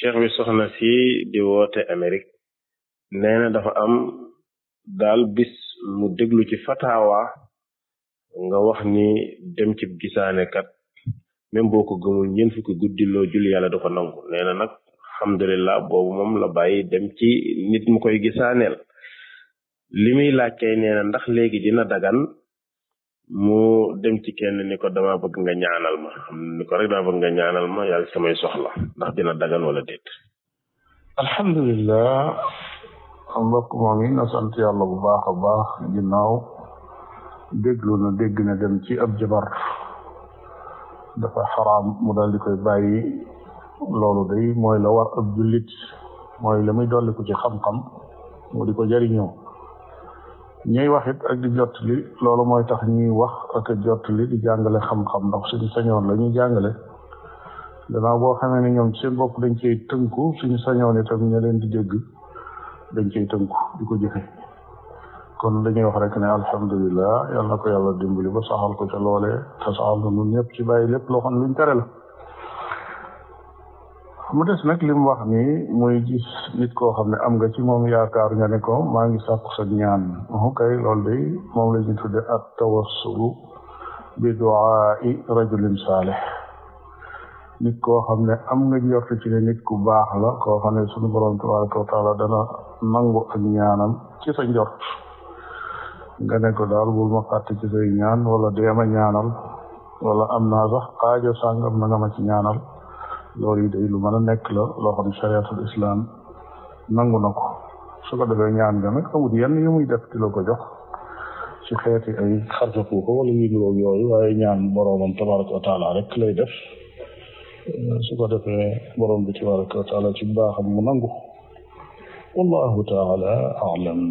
cheikh bi soxna si di woote Amérique nee na dafa am daal bis mu déglu ci fatawa nga wax ni dem ci gisaane kat même boo ko gëmul ñeent fukki guddi loo jul yàlla du ko nangu nee na nag alhamdulillah boobu moom la bàyyi dem ci nit mu koy gisaaneel li muy laaj kay ndax léegi dina dagan mu dem ci kenn ni ko dama bëgg nga ñaanal ma xam ni ko rek daa bëgg nga ñaanal ma yàlla samay soxla ndax dina dagan wala déet alhamdulilah mbokk moom yi na sant yàlla bu baax a baax ginnaaw déglu na na dem ci ab jabar dafa mu daal di koy bàyyi loolu day mooy la jullit mooy la muy dolli ko ci xam-xam mu di ko jariñoo ñiy wax it ak di jot li loolu mooy tax ñuy wax ak jot li di jàngale xam-xam ndax suñu sañoon la jàngale danaa boo xamee ne ñoom seen bopp dañ cey tënku suñu sañoon itam ña leen di dégg dañ cey tënku di ko jëfe kon dañuy wax rek ne alhamdulilah yàlla na ko yàlla dimbali ba saxal ko ca loolee te saxal na ñun ñëpp ci bàyyi lépp loo xam luñ tere la mu des nag li mu wax nii muy gis nit koo xam ne am nga ci moom yaakaar nga ne ko maa ngi sàkku sa ñaan kay loolu day moom la ñu tudde ak tawassulu bi duaai rajulin saalih nit koo xam ne am nga njort ci ne nit ku baax la koo xam ne suñu borom tabaraka wa taala dana nangu ak ñaanam ci sa njort nga ne ko daal bul ma xàtt ci say ñaan wala deema ñaanal wala am naa sax aajo sàngam na nga ma ci ñaanal loolu yi day lu mën a nekk la loo xam ne chariatul islam nangu na ko su ko defee ñaan nga nag amut yenn yu ko jox ci xeeti waaye ñaan boroomam tabaraka wa taala rek lay def su ko defee boroom bi tabaraka wa taala ci baaxam mu nangu wallahu taala alam